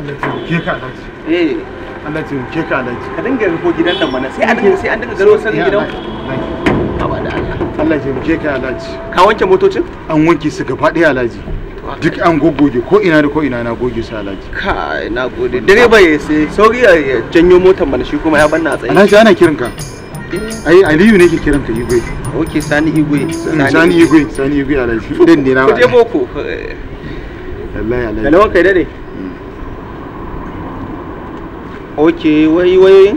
Allah taimake ka an wanke motocin? An wanke su gaba alhaji. duk an gogoge ko ina da ko ina na goge su alhaji kai na gode direba ya sai sauri ya janyo motar mana shi kuma ya banna a tsaye alhaji ana kiran ka ai aliyu ne ke kiran ka igwe ok sani igwe sani igwe sani igwe alhaji dan ne na ku je boko wallahi alhaji ok wai wai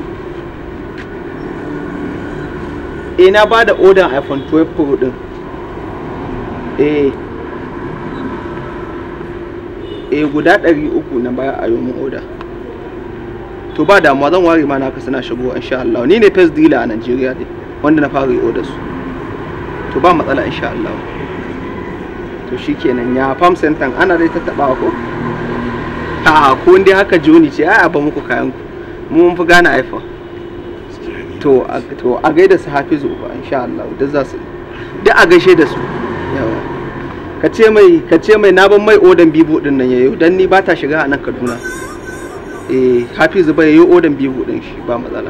eh na ba da odan iphone 12 pro din eh eh guda 300 na baya a yomin oda to ba damuwa zan ware ma naka suna shigo insha Allah ni ne first dealer a Najeriya dai wanda na fara order su to ba matsala insha Allah to shikenan ya farm center ana dai tattabawa ko Aa ko dai haka joni ce a ba muku kayan ku mun fi gane iphone to to a gaida su hafizu ba insha Allah da za su duk a gaishe da su ka ce mai ka ce mai na ban mai odan bibu din nan yayo dan ni ba ta shiga a nan Kaduna eh hafizu ba yayo odan bibu din shi ba matsala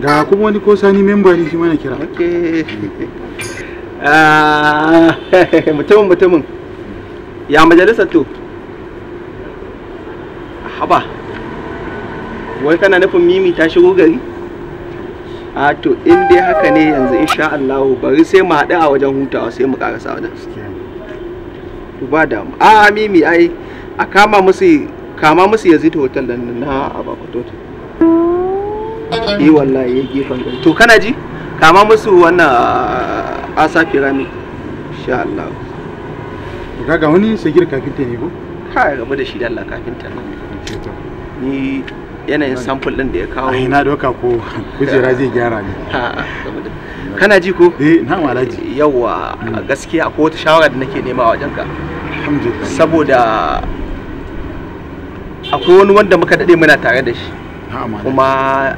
ga kuma wani ko sani memba ne shi mana kira okay ah, mutumin mutumin ya majalisa to haba wai kana nufin mimi ta shigo gari a to in dai haka ne yanzu insha Allah bari sai mu haɗu a wajen hutawa sai mu karasa wajen to ba da a mimi ai a kama musu kama musu yanzu ta hotel nan na abakoto tota. eh wallahi ya gefan gari to kana ji kama musu wannan asa firami insha Allah kaga wani sai girka kafinta ne ko ka gaba da shi da Allah kafinta nan ni yanayin sample din da ya kawo na doka ko kujera zai gyara ne kana ji ko eh na malaji yawa gaskiya akwai wata shawara da nake nema wajen ka saboda akwai wani wanda muka dade muna tare da shi kuma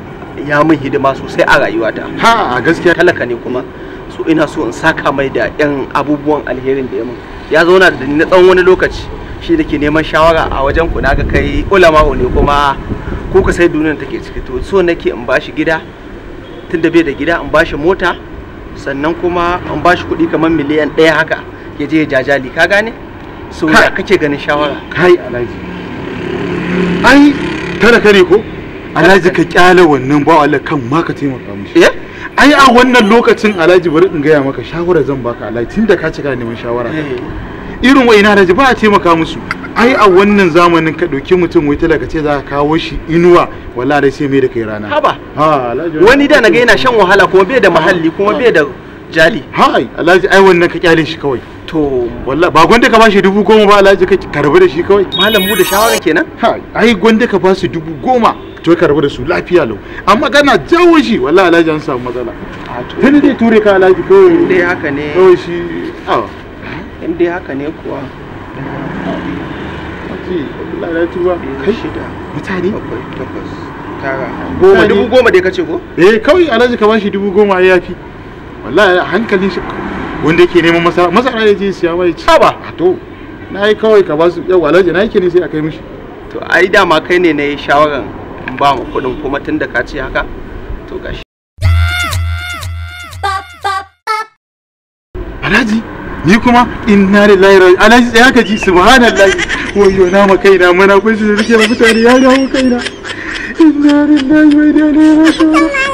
ya min hidima sosai a rayuwata ha gaskiya talaka ne kuma so ina so in saka mai da yan abubuwan alherin da ya min ya zauna da ni na tsawon wani lokaci shi da ke neman shawara a wajen ku naga kai ulama ne kuma ko ka sai duniyar take ciki to so nake in bashi gida tun da bai da gida in bashi mota sannan kuma in bashi kuɗi kamar miliyan ɗaya haka ya je ya jajali ka gane so ya kake ganin shawara kai alhaji ai kada kare ko alhaji ka kyale wannan ba Allah kan ma ka taimaka mishi eh ai a wannan lokacin alhaji bari in gaya maka shawara zan baka alhaji tunda ka cika neman shawara eh. irin wai na daji ba a taimaka musu ai a wannan zamanin ka ɗauki mutum wai talaka ce za ka kawo shi inuwa wala dai sai mai da kai rana haba wani da na yana shan wahala kuma bai da mahalli kuma bai da jali hai alhaji ai wannan ka kyale shi kawai to wallahi ba gwanda ka bashi dubu goma ba alhaji ka karbi da shi kawai malam mu da shawara kenan ha ai gwanda ka basu dubu goma to ka rabu da su lafiya lau amma kana jawo shi wallahi alhaji an samu matsala tuni dai ture ka alhaji kawai dai haka ne kawai shi in dai haka ne kuwa mutane bakwai takwas tara goma dubu goma dai kace ko eh kawai alhaji ka bashi dubu goma ya fi wallahi hankali shi wanda yake neman masara masara ne je siya mai ci ba to na yi kawai ka basu yau alhaji na yake ne sai a kai mishi to ai ma kai ne na yi shawaran ba mu kuɗin kuma tun da ka ce haka to gashi alhaji ni kuma inna lillahi raji alhaji tsaya ka ji subhanallahi wayo na ma kaina muna kun shi rike mutane ya dawo kaina inna lillahi wa inna ilaihi raji'un